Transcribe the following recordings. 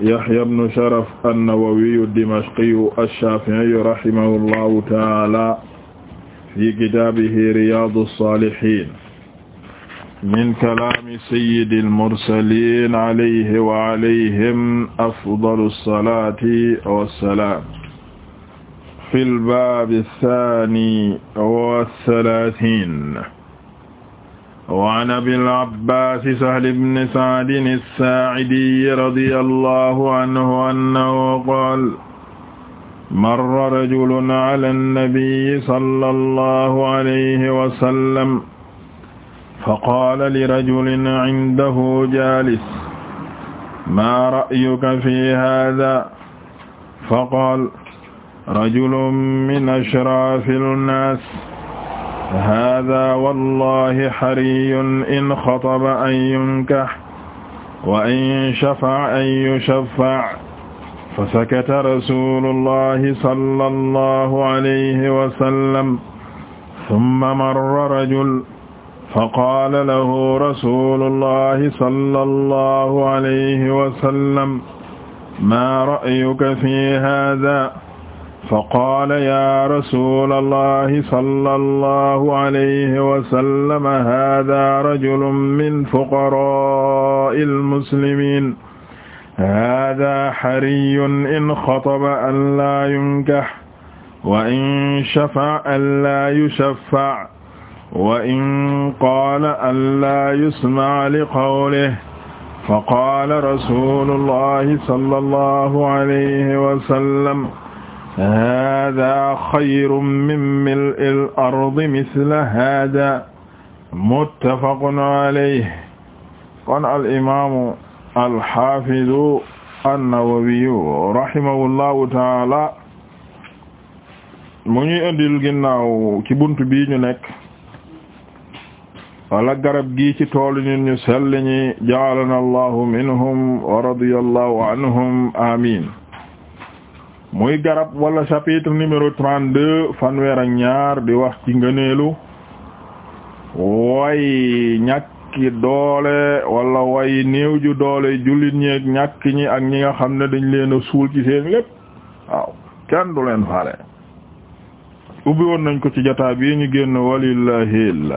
Yahya ibn Sharaf an-Nawawiyu ad-Dimashqiyu ash-Shafi'iyu rahimahullahu ta'ala fi kitaabihi Riyaadu s-Saalihiin min kalaami sayyidil mursaliin alayhi wa alayhim afdalu s-salaati was-salaam fil baabi s-saani wa s-salaasiin waan abil abbaas sahl ibn sa'd as-saa'idi radiyallahu anhu annahu qaala marra rajulun ala an-nabiyyi sallallahu alayhi wa sallam faqaala li rajulin 'indahu jaalis maa ra'yuka fii haadhaa faqaala rajulun min ashraafil naas hada wallahi xariyun in xataba an yunkax wa in shafa'a an yushaffac fa sakata rasulullahi sallallahu alayhi wa sallam summa marra rajul fa qaala lahu rasulullahi sallallahu alayhi wa sallam maa ra'yuka fi hada faqaala yaa rasula allahi sala allahu alayhi wasallama hada rajulu min fuqarai almuslimin hada xariyun in xataba an laa yunkax wa in shafaca an laa yushaffac wa in qaala an laa yusmaca liqawlihi faqaala rasulu allahi sala allahu alayhi wasallam hada xayrun min mil'il ardi misla hada muttafaqun alayhi kon al'imamu alxafidu annawawiyu rahimahullahu taala mu ñuy indil ginnaaw ci bunt bii ñu nekk wala garab gii ci toolu ñun ñu sell ñi ja'alana allahu minhum wa radiyallahu anhum amin muy garab wala chapitre numéro 32 fanweer ak ñaar di wax ci ngëneelu way ñàkki doole wala way néew ju doole jullit ñi ak ñàkk ñi ak ñi nga xam ne dañ leen a suul ci seen lépp waaw kenn du leen faale ubbi woon nañ ko ci jotaay bii ñu génn walillahi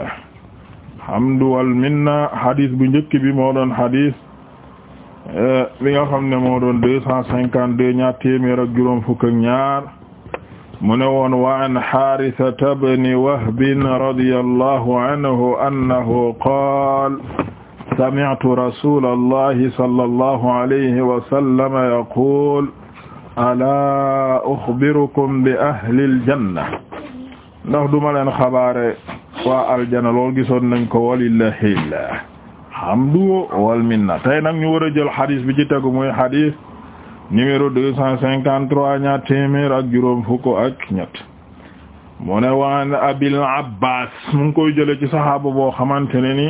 alhamdu wal minna hadis bu njëkk bi moo doon hadis Eh, li nga xam ne moo doon deux cent cinquante deux ñaar téeméer ak juróom fukk ak ñaar mu ne woon wa an Haarisata bni Wahbin radiyallahu anhu annahu qaal sami'tu rasulallahi sallallahu alayhi wa sallam yaqul alaa uxbirukum bi ahlil janna ndax duma leen xabaare waa aljanna lool gisoon nañ ko walillahi alhamdu wal minna tey nag ñu war a jël xadis bi ci tegu mooy xadis numéro deux cent cinquante trois ñaar téeméer ak juróom fukk ak ñett mu ne waan abil abbas mu ngi koy jële ci saxaaba boo xamante ne ni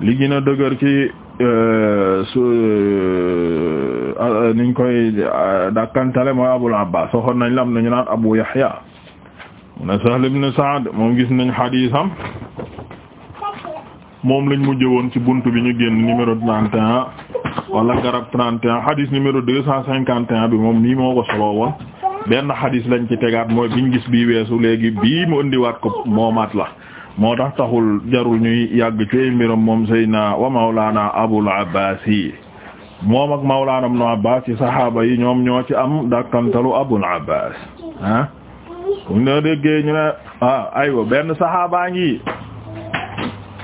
li gën a dëgër ci euh, su euh, niñ koy euh, dàkkantale mooy abul abbas waxoon nañ lam am nañu naan abu yahya mu ne sahl ibn saad moom gis nañ xadisam moom lañ mujjee woon ci bunt bi ñu génn numéro 31 wala garab 31 hadis numéro 251 bi moom nii moo ko solo woon benn hadis lañ ci tegaat mooy ñu gis bii weesu léegi bii mu indiwaat ko moomaat la moo tax taxul jarul ñuy yàgg ci mbiram moom sey Seydina wa Mawlana Abul Abbas yi moom ak Mawlana Ibn Abbas ci saxaaba yi ñoom ñoo ci am dakkantalu Abul Abbas ah. bu ñu déggee ñu ne ah benn saxaabaa ngi.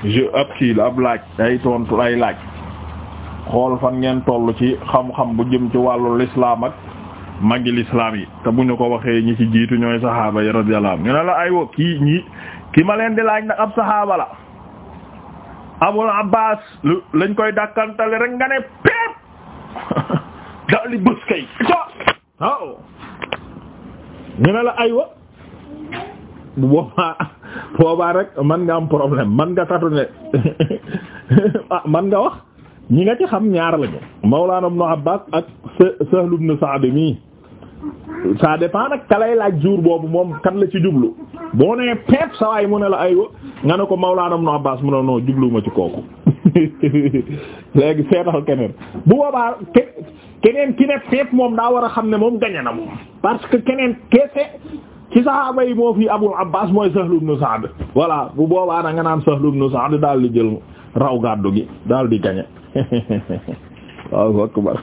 je ab kii la ab laaj ay tontu ay laaj xool fan ngeen toll ci xam-xam bu jëm ci wàllu lislaam ak magi lislaam yi te bu ñu ko waxee ñi ci jiitu ñooy saxaaba yi radiyallahu anhu ñu ne la aywa kii ñi ki ma leen di laaj nag ab saxaaba la abul abbas lu lañ koy dàkkantale rek nga ne péep daal di bës kay waaw ñu ne la aywa bu boobaa boobaa rek man nga am problème man nga tatu ne ah man nga wax ñi nga ci xam ñaar lañu Mawlana Ibn Abbas ak Sahl ibn Sa'd mi ça dépend nag ka lay laaj jour boobu moom kat la ci jublu boo nee peep sawaay mu ne la aywa nga ne ko Mawlana Ibn Abbas mu ne non jubluwuma ci kooku léegi seetal keneen bu boobaa ke keneen ki ne peep moom daa war a xam ne moom gañe na moom parce que keneen kese ci saxaaba moo fi Abul Abbas mooy Sahl ibn Sa'd voilà bu boobaa na nga naan Sahl ibn Sa'd daal di jël raw gàddu gi daal di gañe waaw akbar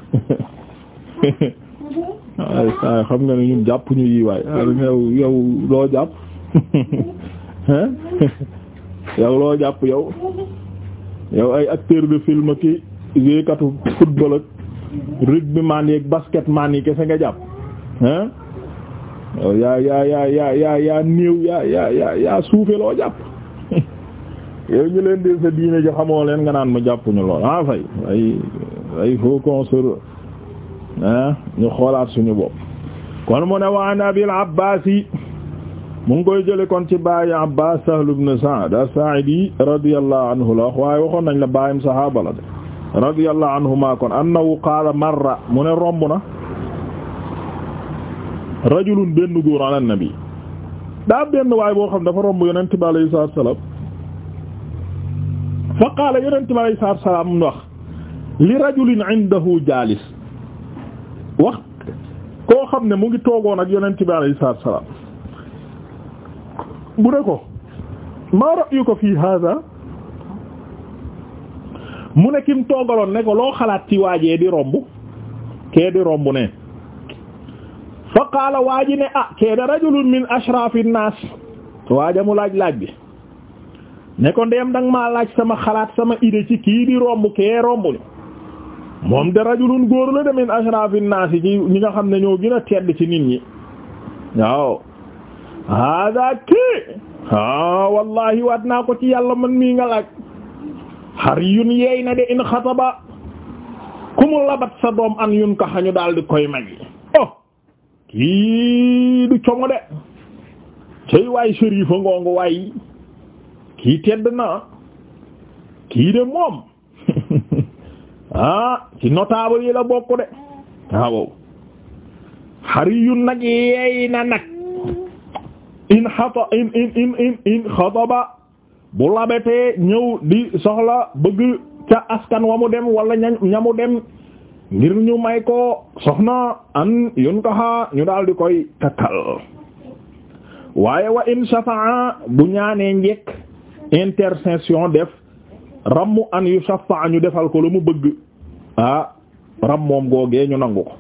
ay saay xam nga ne ñun jàpp ñu yi waay yow yow loo jàpp yow loo jàpp yow yow ay acteur de film ki géekatu football ak rugbyman yi ak basketman yi kese nga jàpp hein yaa yaa yaa yaa yaa yaa néew ñu leen di sa diine ji xamoo leen nga naan ma jàpp ñu lool ah fay ay ay faut qu'on xoolaat suñu bopp kon mu ne wa an abil abbas yi mu ngi koy kon ci bàyyi abbas sahl ibn sa'd as-sa'idi radiyallahu anhu la wax waaye waxoon nañ la bàyyim sahaaba la de radiyallahu anhuma kon annahu qaala marra mu ne romb na rajulun benn góor ala nabi daa benn waay boo xam dafa romb yonent bi alayhi salaatu wa salaam fa qaala wax li rajulin indahu jaalis wax koo xam ne mu ngi toogoon ak yonent bi alayhi salaatu bu ne ko maa ra'yuka fii haaza mu ne kim toogaloon ne ko loo xalaat ci waajee di romb kee di romb ne fa qaala waa ji ne ah kee da rajulun min ashrafi nnaas waaja mu laaj laaj bi ne ko ndeem danga maa laaj sama xalaat sama idée ci kii di romb kee romb moom de rajulun góor la de min ashrafi nnaas ci ñi nga xam ne ñoo gën a tedd ci nit ñi waaw hada kii ah wallahi waat naa ko ci yàlla man mii nga laaj hariyun yeey na de in xataba ku mu labat sa doom an yun ka xañu daal di koy may kii du como de cey waay shérifa ngoongu waay kii tedd kii de moom ah ci notable yi la bokk de ah, waaw hariyun nag yeey nag in xata in in in in in xataba bu labetee ñëw di soxla bëgg ca askan wa mu dem wala ñamu dem ngir ñu may ko soxna an yunkaha ñu daal di koy takkal waaye wa in shafa'a bu ñaanee njekk intercession def ramm an yu shafa'a ñu defal ko lu mu bëgg ah ram moom googee ñu nangu ko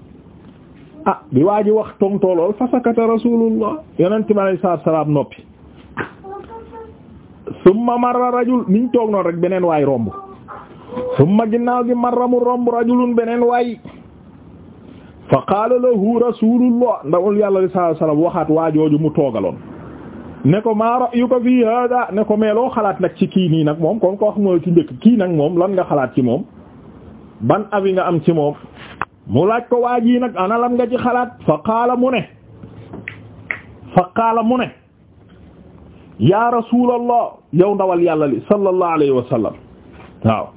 ah bi waa ji wax tontoolool fasakata rasulullah yonent bi alayhi salaatu salaam noppi summa marra rajul niñ toog noonu rek beneen waay romb summa ginnaaw gi marra mu romb rajulun beneen waay fa qaala lahu rasulullah ndawul yàlla li sallallahu alayhi wasallam waxaat waajooju mu toogaloon ne ko maa ra'yuka fii hada ne ko meeloo xalaat nag ci kii nii nag moom kon ko wax mooy ci njëkk kii nag moom lan nga xalaat ci moom ban avis nga am ci moom mu laaj ko waa yii nag ana lan nga ci xalaat fa qaala mu ne fa qaala mu ne ya rasulallah yow ndawal yàlla li sallallahu alayhi wa waaw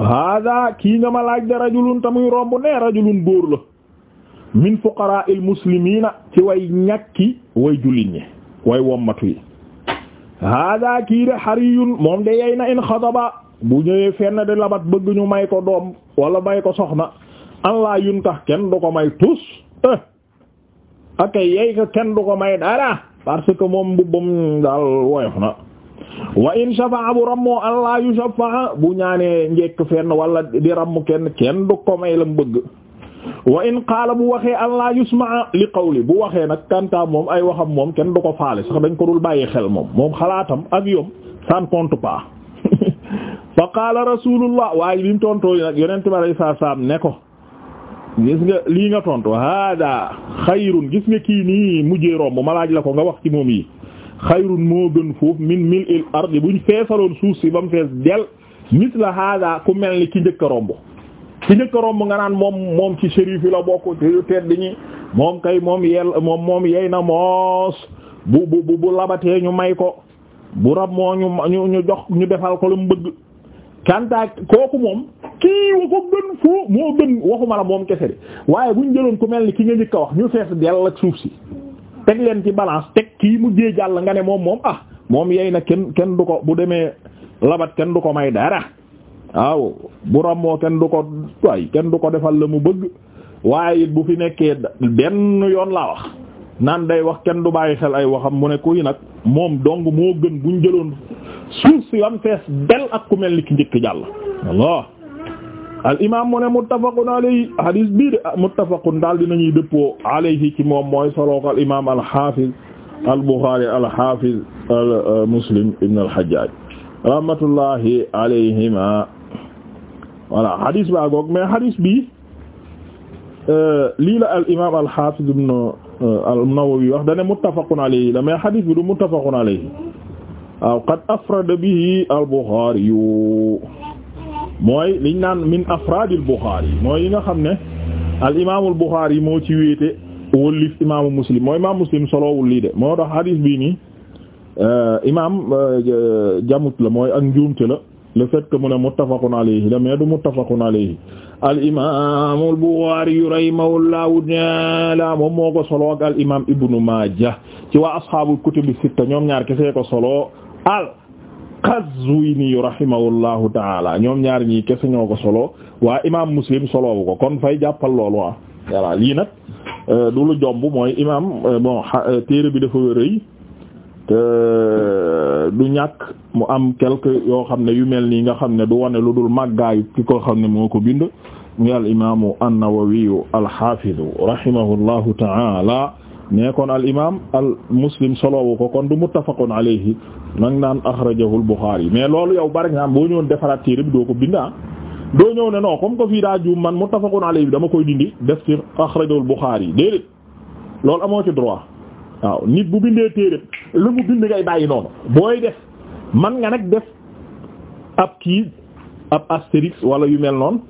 hada kii nga ma laaj de rajulun tamuy romb nee rajulun góor la min fuqara il ci way ñàkki way jullit ñi way wommatu yi hada kii de hariyun moom de yey na in xadaba bu ñëwee fenn de labat bëgg ñu may ko doom wala may ko soxna allah yun tax kenn du ko may tus eh. akay yey ko kenn du ko may dara parce que moom bu bum daal woyof na wa in shafa'a bu rammoo allah yu shafa'a bu ñaanee njekk fenn wala di ramm kenn kenn du ko may lam bëgg wa in qaala bu waxee allah yusma'a li qawli bu waxee nag kanta moom ay waxam moom kenn du ko faale sax dañ ko dul bàyyi xel moom moom xalaatam ak yom ça ne compte pas fa qaala rasulullah waaye bi mu tontoo nag yonente bi saa saam ne ko gis nga lii nga tontu hada xayru gis nga kii nii mujjee romb ma laaj la ko nga wax ci moom yi xayrun moo gën foofu min mil il ardi buñ feesaloon suuf si ba mu fees del misla hada ku mel ni ki njëkk a romb ki njëkk romb nga naan moom moom ci shérif yi la bokk te tedd ñi moom kay moom yel moom moom yey na moos bu bu labatee ñu may ko bu rab moo ñu jox ñu defal ko lu mu bëgg kooku moom kii wa gën foo moo gën waxuma la moom kese de waaye buñ jëloon ku mel ni ki nga njëkk a wax ñu fees del ak suuf si teg leen ci balance teg kii mujjee jàll nga ne moom moom ah moom yey na kenn kenn du ko bu demee labat kenn du ko may dara waaw bu ramoo kenn du ko waay kenn du ko defal la mu bëgg waaye it bu fi nekkee benn yoon laa wax naan day wax kenn du bàyyi xel ay waxam mu ne kuy nag moom dong moo gën buñ jëloon suuf si wan fees del ak ku mel ni ki njëkk jàll al imam mu ne muttafaqun alayhi hadis bii de muttafaqun daal dinañuy dëppoo alayhi ci moom mooy soloo ko al imam al hafiz al bukhari al hafiz al euh, muslim ibn al hajjaj rahmatullahi alayhima voilà hadis baa goog mais hadis bi euh, lii la al imam al hafiz ibn euh, al nawawi wax dane muttafaqun alayhi la mais hadis bi du muttafaqun alayhi waaw qad afrada bihi al bukhari mooy liñ naan min afraadil Buxaari mooy yi nga xam ne al imaamul Buxaari moo ci wéete wëllif imaamu muslim mooy imaam muslim solowul lii de moo tax hadis bii nii euh, imaam euh, jamut la mooy ak njuumte la le fait que mu ne muttafaqun alayhi la mais du muttafaqun alayhi al imaamul Buxaari rahimahullahu ta'ala moom moo ko solo al imaam Ibnu Maaja ci waa ashaabul kutubi sitta ñoom ñaar kese ko solo al. al-Qazwini rahimahullahu taala ñoom ñaar ñii kese ñoo ko solo waa imaam Muslim solowu ko kon fay jàppal loolu waa voilà lii nag euh, du lu jomb mooy imaam euh, bon euh, téere bi dafa rëy te du ñàkk mu am quelque yoo xam ne yu mel nii nga xam ne du wane lu dul màggaayu ki ko xam ne moo ko bind ngi al imaamu an-Nawawi al-Hafiz rahimahullahu taala ne kon al imaam al muslim solowu ko kon du muttafaqun alayhi nag naan axrajahu al Buxaari mais loolu yow par exemple boo ñëwoon defaraat téere bi doo ko bindaa ah. doo ñëw ne non comme que fii daa juum man muttafaqun alayhi bi dama koy dindi def ci axrajahu al Buxaari déedéet loolu amoo ci droit waaw nit bu bindee téere lu mu bind ngay bàyyi noonu booy def man nga nag def ab kii ab astérix wala yu mel noonu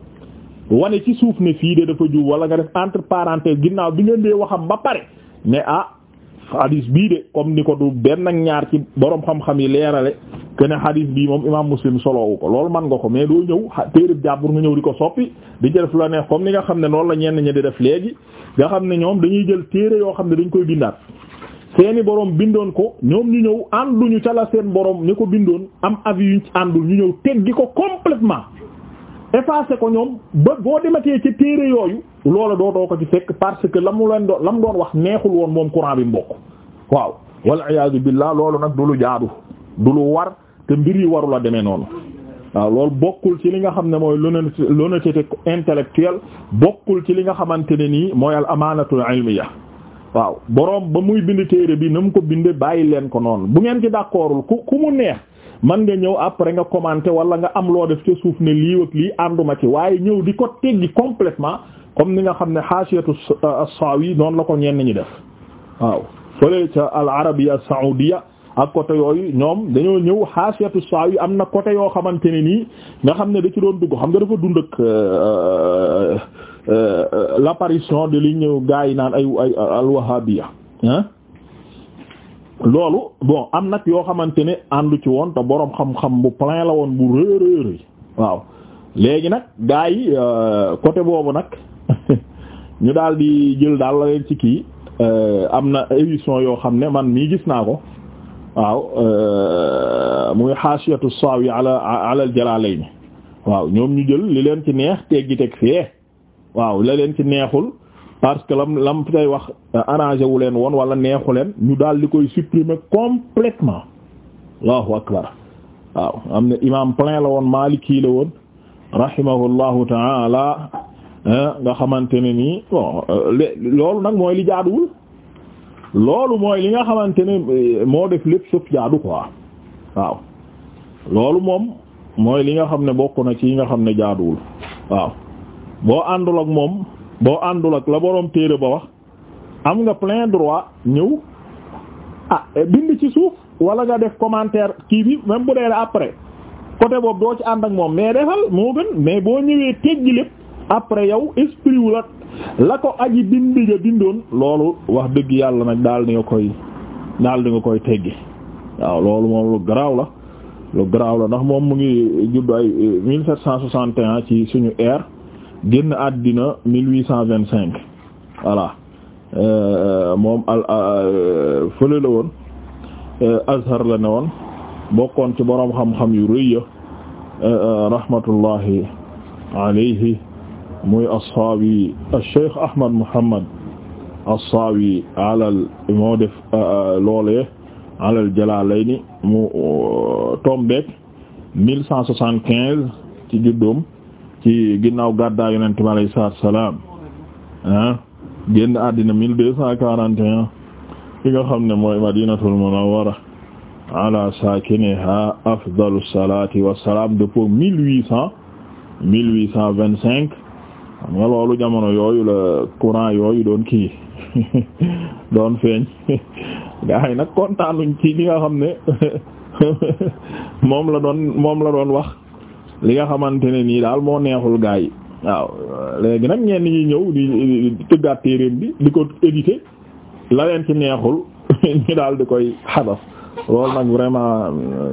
wane ci suuf ne fii de dafa juum wala nga def entre parenthèses ginnaaw bi nga ndee waxam ba pare ne ah hadis bii de comme ni ko du benn ñaar ci boroom xam-xam yi leerale que ne hadis bii moom imaam muslim soloowu ko lool man nga ko mais doo ñëw téerib jàppur nga ñëw di ko soppi di jël la neex comme ni nga xam ne noonu la ñenn ñi di def léegi nga xam ne ñoom dañuy jël téere yoo xam ne dañu koy bindaat seeni borom bindoon ko ñoom ñu ñëw ñu ca la seen borom ñu ko bindoon am avis yuñ ñu àndul ñu ñëw teggi ko complètement effacé ko ñoom ba boo dematee ci téere yooyu loola doo doo ko ci fekk parce que la mu leen doon la mu doon wax neexul woon moom courant bi mbokk waaw walla iyaazu billaah loolu nag du lu jaadu du lu war te mbir yi warul a demee noonu waaw loolu bokkul ci li nga xam ne mooy l'honnêteté intellectuelle bokkul ci li nga xamante ne nii mooy al amaanatul ilmiya waaw boroom ba muy bind téere bi na mu ko bind bàyyi leen ko noonu bu ngeen ci d'accordul ku ku mu neex man nga ñëw après nga commenter wala nga am loo def ca suuf ni lii ak lii ànduma ci waaye ñëw di ko teggi complètement comme ni nga xam ne xaasiyatu as-Sawi noonu la ko ñenn ñi def waaw fële ca al arabia saoudia ak côté yooyu ñoom dañoo ñëw xaasiyatu as yi am na côté yoo xamante ne nii nga xam ne da ci doon dugg xam nga dafa dund ak euh, euh, euh, l'apparition de li ñëw gaa yi naan ay ay al-Wahhabiyya loolu bon am nag yoo xamante ne àndu ci woon te boroom xam-xam bu plein la woon bu réeréer waaw léegi nag gaa yi euh, côté boobu nag ñu daal di jël daal la leen ci kii euh, am na émission yoo xam ne man mii gis naa ko waaw euh, muy xaasiyatu yi ala ala jalaalayni waaw ñoom ñu jël li leen ci neex teggi teg fee waaw la leen ci neexul parce que lam lam tay wax euh, arrangé wu leen woon wala neexu leen ñu daal di koy supprimer complètement allahu akbar waaw am na imam plein la woon Maliki la woon rahimahullahu taala nga xamante ne nii bon euh, loolu nag mooy li jaaduwul loolu mooy li nga xamante ne euh, moo def lépp sëpp jaadu ko waaw loolu moom mooy li nga xam ne bokk na ci yi nga xam ne jaaduwul waaw boo àndul ak moom boo àndul ak la boroom téere ba wax am nga plein droit ñëw ah bind ci suuf wala nga def commentaire kii bi même bu dee après côté boobu doo ci ànd ak moom mais defal moo gën mais boo ñëwee teggi lépp après yow esprit la la ko aji bindi ga bindoon loolu wax dëgg yàlla nag daal di nga koy daal di nga koy teggi waaw loolu moom lu garaaw la lu garaaw la ndax moom mu ngi judd ay 1761 eh, ci suñu ère génn addina 1825 voilà euh, moom al euh, fële la woon euh, Azhar la bokkoon ci boroom xam-xam yu rëy ya rahmatullahi alayhi muy as-Sawi as-Cheikh Ahmad Muhammad as-Sawi alal moo def mu tombeek 1175 ci juddoom ci ginnaaw gàddaa yonent bi alayhi salaatu salaam ah génn àddina mille deux cent quarante et un nga xam ne mooy madinatul munawwara ala saakiniha afdalu salaati wa salaam depuis huit cent mille huit cent vingt cinq xam nga loolu jamono yooyu la courant yooyu doon kii doon feeñ gaa yi nag kontaanuñ ci li nga xam ne moom la doon moom la doon wax. li nga xamante ne nii daal moo neexul gaa yi waaw léegi nag ñenn ñi ñëw di tëggaat téereem bi di ko édité leen ci neexul ñu daal di koy xadaf loolu nag vraiment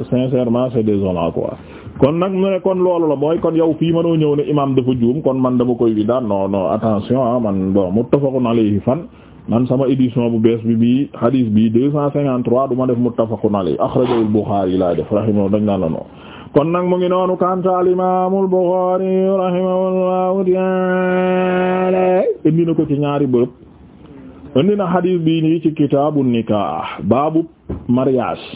sincèrement c'est désolant quoi kon nag mu ne kon loolu la mooy kon yow fii mënoo ñëw ne imam dafa juum kon man dama koy wi daan non non attention ah man bon muttafaqun alayhi fan man sama édition bu bees bi bii hadis bi deux cent cinquante trois du ma def muttafaqun alayhi akhrajahu al-Bukhari laa def rahimahu dañ naan la non kon nag mu ngi noonu kanta al imaamul Buxaari rahimahullahu ta'ala indi na ko ci ñaari bërëb indi na xadiis bii nii ci kitaabu nikaah baabu mariage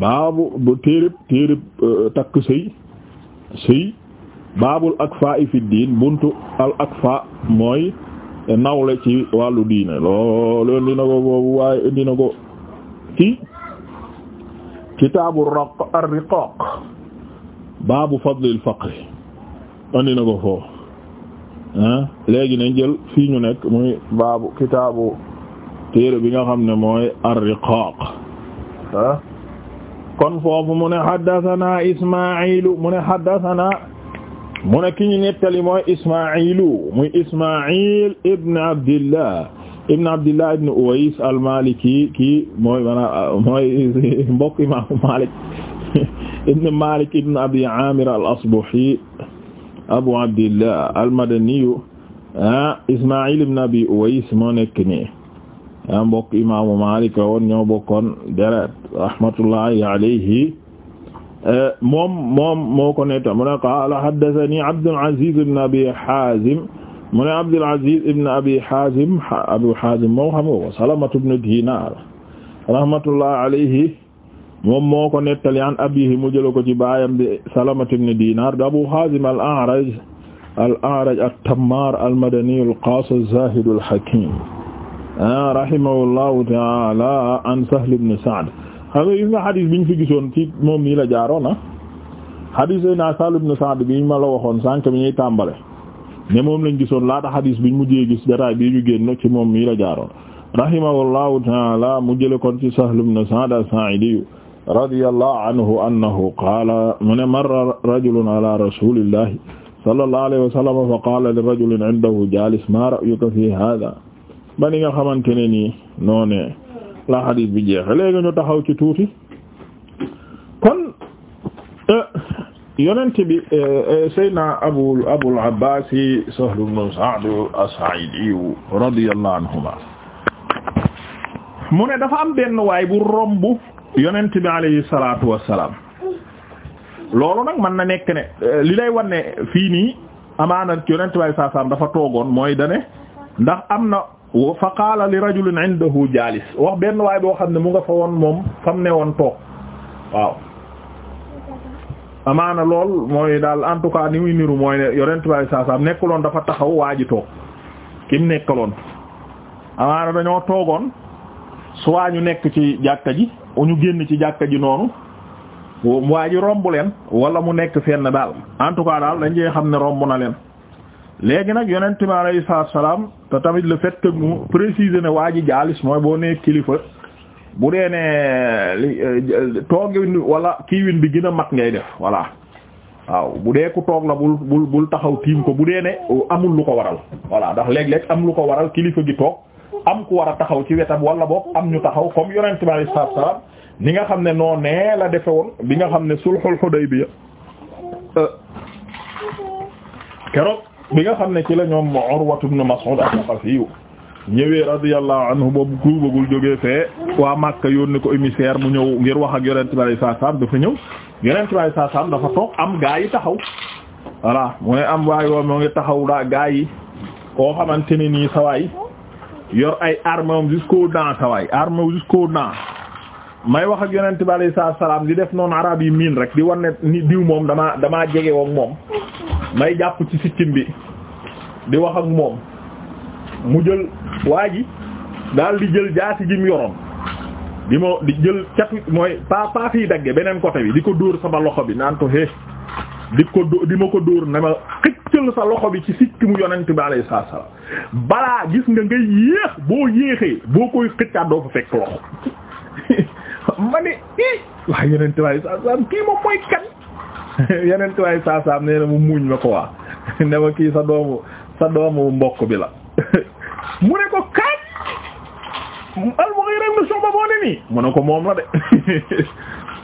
baabu bu téereb téereb euh, takk sëy sëy baabul akfa i fi diin buntu al akfa mooy nawle ci wàllu diine loolu indi na ko waaye indi na ko ci kitaabu ar-riqaaq baabu fadlil faqri andi na ko foofu ah léegi nañ jël fii ñu nekk muy baabu kitaabu téere bi nga xam ne mooy ar-riqaaq ah kon foofu mu ne haddasanaa Ismaa'iilu mu ne haddasanaa mu ne ki ñu nettali mooy Ismaa'iilu muy Ismaa'iil ibn Abdillah ibn abdillah ibn uways al-maliki kii mooy maanaam mooy mbokk imam malik ibn malik ibn abi amir al-asbahi abu abdillah al-madaniyu ah, ismail ibn abi uways moo nekk nii ah, mbokk imaamu malik woon ñoo bokkoon deret rahmatullahi alayhi eh, moom moom moo ko netta mu ne qaala haddathani abdul aziz ibn abi hazim mu ne Abdul Aziz ibn Abi Abu Hazim moom xam nga ko Salamatu ibn Dinar rahmatullah alayhi moom moo ko nettali an abihi mu jëla ko ci baayam bi Salamatu ibn Dinar Abu Hazim al-A'raj al-A'raj at-Tammar al-Madani al-Qas az-Zahid al-Hakim ah, rahimahullahu ta'ala an Sahl ibn Sa'd xam nga gis nga xadis biñ naa Sahl ibn Sa'd bi ma la waxoon sànq mi ñuy tàmbale ne moom lañ gisoon laata xadis biñ mujjee gis jataay bii ñu génn ci moom mii la jaaroon rahimahullahu taala mu jële kon ci Sahl ibn Sa'd as-Sa'idi radiyallahu anhu annahu qaala mu ne marra rajulun ala rasulillahi sallallahu alayhi wa sallam fa qaala li rajulin indahu jaalis ma ra'yuka fi hada ba ni nga xamante ne nii noo ne la xadis bi jeexe léegi ñu taxaw ci tuuti yonent bi eh, eh, Seydina Abu Abul Abbaas Sahl ibn mu ne dafa am benn waay bu romb yonent bi alayhi salaatu wassalaam loolu nag mën na nekk ne eh, li lay wan ne fii nii amaana yonent bi saa saam dafa toogoon mooy dane ndax am na fa qaala li rajulin indahu jaalis wax benn waay boo xam ne mu nga fa woon moom fam ne woon toog amaana lool mooy daal en tout cas ni muy niru mooy ne yonent bi saa saa nekkuloon dafa taxaw waa ji toog kim nekkaloon amaana dañoo toogoon soit ñu nekk ci jàkka ji ñu génn ci jàkka ji noonu waa ji romb leen wala mu nekk fenn daal en tout daal dañ cee xam ne romb na leen léegi nag yonent bi alayhi salaam te tamit le fait que mu préciser ne waa ji jaalis mooy boo nee kilifa. bu dee ne li eh, eh, toogin wala kiiwin bi gën a mat ngay def voilà waaw bu dee ku toog la bul bul bul taxaw tiim ko bu dee ne oh, amul lu ko waral voilà ndax léeg-léeg am lu ko waral kilifa gi toog am ku war a taxaw ci wetam wala boog am ñu taxaw comme yonent bi alayhi salaatu wa salaam ni nga xam ne noo nee la defe woon bi nga xam ne sulhul Hudaybiya eh, keroog bi nga xam ne ci la ñoom Urwatu ibn Mas'ud al-Thaqafi ñëwee radiyallahu anhu boobu ku bëggul jógee fee waa Makka yónni ko émissaire mu ñëw ngir wax ak yonent bi saa dafa ñëw yonent bi saa saam dafa toog am gaa yi taxaw voilà mooy am waay yoo moo ngi taxaw daa gaa yi koo xamante ne nii sawaay yor ay armes jusqu'aux dents sawaay armes jusqu'aux dents may wax ak yonent bi alayhi salaatu salaam di def noonu arab yi miin rek di wane ni diw moom dama damaa jege woon moom may jàpp ci sikkim bi di wax ak moom mu jël waa ji daal di jël jaasi jim mu di ma di jël catu mooy pa pa fii dagge beneen côté bi di ko dóor sama loxo bi naan ko hé di ko dó di ma ko dóor na ma xëccal sa loxo bi ci sikki mu yonent bi alayhi salaatu balaa gis nga ngay yéex boo yéexee boo koy xëccaat doo fa fekk loxo ma ne i waa yonent bi alayhi salaatu salaam kii moom mooy kan yonent bi alayhi salaatu salaam nee na mu muuñ ma ko waa ne ma kii sa doomu sa doomu mbokk bi la mu ne ko kaat al-Mughira ibn Shu'ba moo ne nii mu ne ko moom la de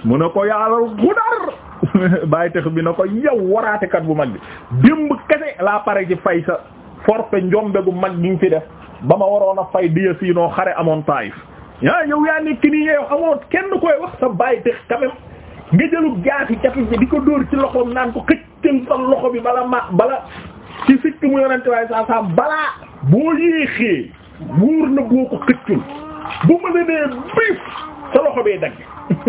mu ne ko yaalal gudar bàyyi tax bi na ko yow waraatekat bu mag bi démb kese laa pare ci fay sa forfait njombe gu mag gi nga fi def ba ma waroon a fay diya siinoo xare amoon Taayif yaa yow yaa nekk nii yow amoon kenn koy wax sa bàyyi tax quand même nga jëlu jaasi bi di ko dóor ci loxoom naan ko xëccal sa loxo bi bala ma bala ci sikk mu yonante saa saa balaa boo yéexee wóor na boo ko xëccul bu mën a nee biif sa loxo bee dagg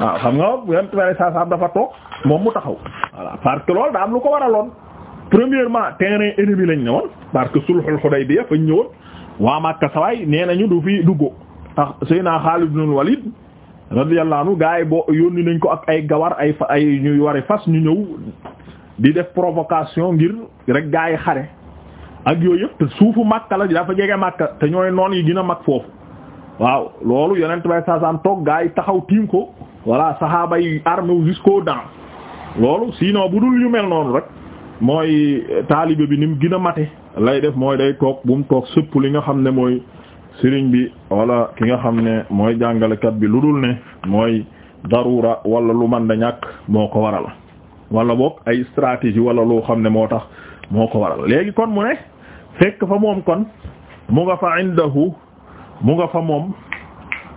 waaw xam nga moom yan tubare saa saa dafa toog moom mu taxaw voilà parce que loolu daa lu ko waraloon premièrement terrain ennemi lañ ne woon parce que sulhul Hudaybiya fañ ñëwoon waa Makka sawaay nee nañu du fi duggo tax Seydina Xaalid ibn Walid radiyallahu anhu gars yi boo yónni nañ ko ak ay gawar ay ay ñuy wari fas ñu ñëw di def provocation ngir rek gars yi xare ak yooyu yëpp te suufu Makka la dafa jege Makka te ñooy noon yi gën a mag foofu waaw loolu yonent bay saasaam toog gaa yi taxaw tiim ko voilà saxaaba yi armé wu ko dents loolu sinon bu dul yu mel noonu rek mooy taalibe bi ni mu gën a mate lay def mooy day toog bu mu toog sëpp li nga xam ne mooy sëriñ bi wala ki nga xam ne mooy jàngale jàngalekat bi lu dul ne mooy darura wala lu man da ñàkk moo ko waral wala boog ay stratégie wala loo xam ne moo tax moo ko waral léegi kon fekk fa moom kon mu nga fa mu nga fa moom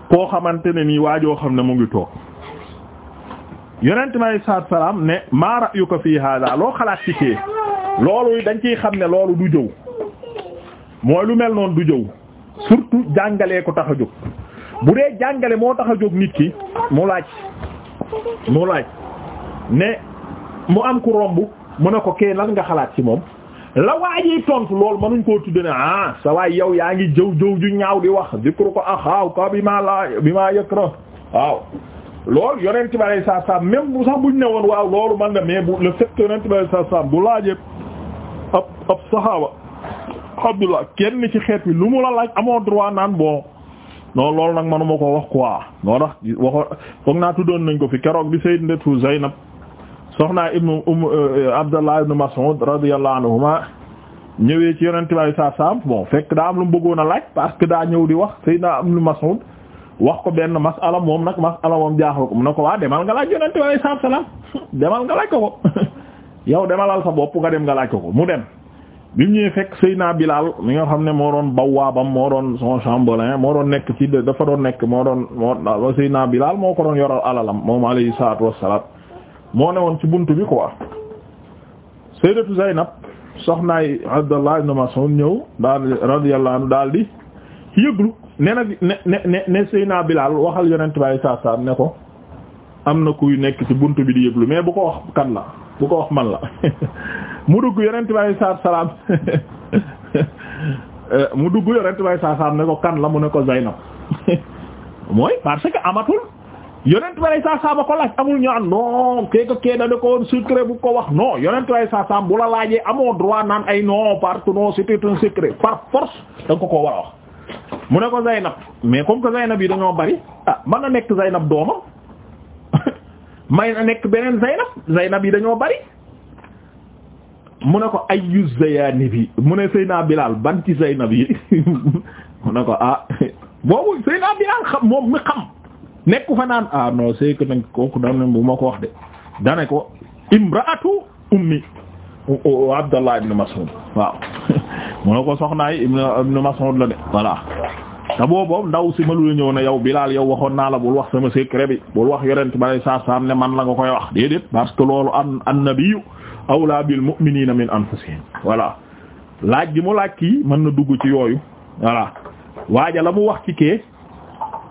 koo xamante ne nii waajoo xam ne mu ngi toog yonent mi saat salaam ne maa ra'yuka fii hada xalaat ci kii loolu dañ ciy xam ne loolu du jëw mooy lu mel noonu du jëw surtout jàngalee ko tax a jóg bu dee jàngale moo tax a jóg nit ki mu laaj mu laaj ne mu am ku romb mu ne ko kee lan nga xalaat ci moom la waajiy tontu loolu mënuñ koo tudde ne ah sa waay yow yaa ngi jëw jëw ju ñaaw di wax dikru ko axaaw ah, ka bi maa la bi maa yakra waaw loolu yonent bi alayhi salaam bu sax buñ ne woon waaw loolu man na mais bu le fait que yonent bi alayhi salaam bu ab ab saxaaba Abdullah kenn ci xeet wi lu mu la laaj amoon droit naan bon non loolu nag manuma ko wax quoi moo tax waxo foog naa tuddoon nañ ko fi keroog bi Sayyidatu Zaynab soxnaa ibnu um Abdallah ibnu Mas'ud radiyallahu anhuma ñëwee ci yonent bi saa saam bon fekk daa am lu mu bëggoon a laaj parce que daa ñëw di wax Seydina ibnu Mas'ud wax ko benn masala moom nag masala moom jaaxal ko mu ne ko waa demal nga laaj yonent bi saa salaam demal nga laaj ko ko yow demalal sa bopp nga dem nga laaj ko ko mu dem. bi mu ñëwee fekk Seydina Bilal mi nga xam ne moo doon bawaabam moo doon son chambellan moo doon nekk ci dafa doon nekk moo doon moo Seydina Bilal moo ko doon yoral alalam moom alayhi salaatu wassalaam moo ne woon ci bunt bi quoi sayyidatu Zaynab soxnaay Abdallah ibn ñëw daal radiyallahu daal di yëglu ne na ne ne ne Seyna Bilal waxal yonent baay saa ne ko am na kuy nekk ci bunt bi di yëglu mais bu ko wax kan la bu ko wax man la mu dugg yonent baay saa eh, mu dugg yonent baay saa salaam ne ko kan la mu ne ko Zaynab mooy parce que amatul yonent bi saa saam ko laaj amul ñu am non kee ko kee ko secret bu ko wax non yonent bi saa bu la laajee amoo droit naan ay non parce que non c'était un secret par force da ko war a wax. mu ne ko Zaynab mais comme que Zaynab yi dañoo bari ah mën na nekk Zaynab doomam may na nekk beneen Zaynab Zaynab yi dañoo bari. mu ne ko ayu Zaynab yi mu ne Seyna Bilal ban ci Zaynab yi mu ne ko ah boobu Seyna Bilal moom mi xam. nekku fa naan ah non c'est que nag kooku daan bu ma ko wax de dane ko imraatu ummi Abdallah ibn Mas'ud waaw mu ne ko soxnaay ibn Mas'ud la de voilà te boobu ndaw si malu la ñëw ne yow Bilaal yow waxoon naa la bul wax sama secret bi bul wax yorent ba lay man la nga koy wax déedéet parce que loolu an annabiyyu awlaa bil mu'miniina min anfusihim voilà laaj gi mu laaj kii mën na dugg ci yooyu voilà waaja la mu wax ci kee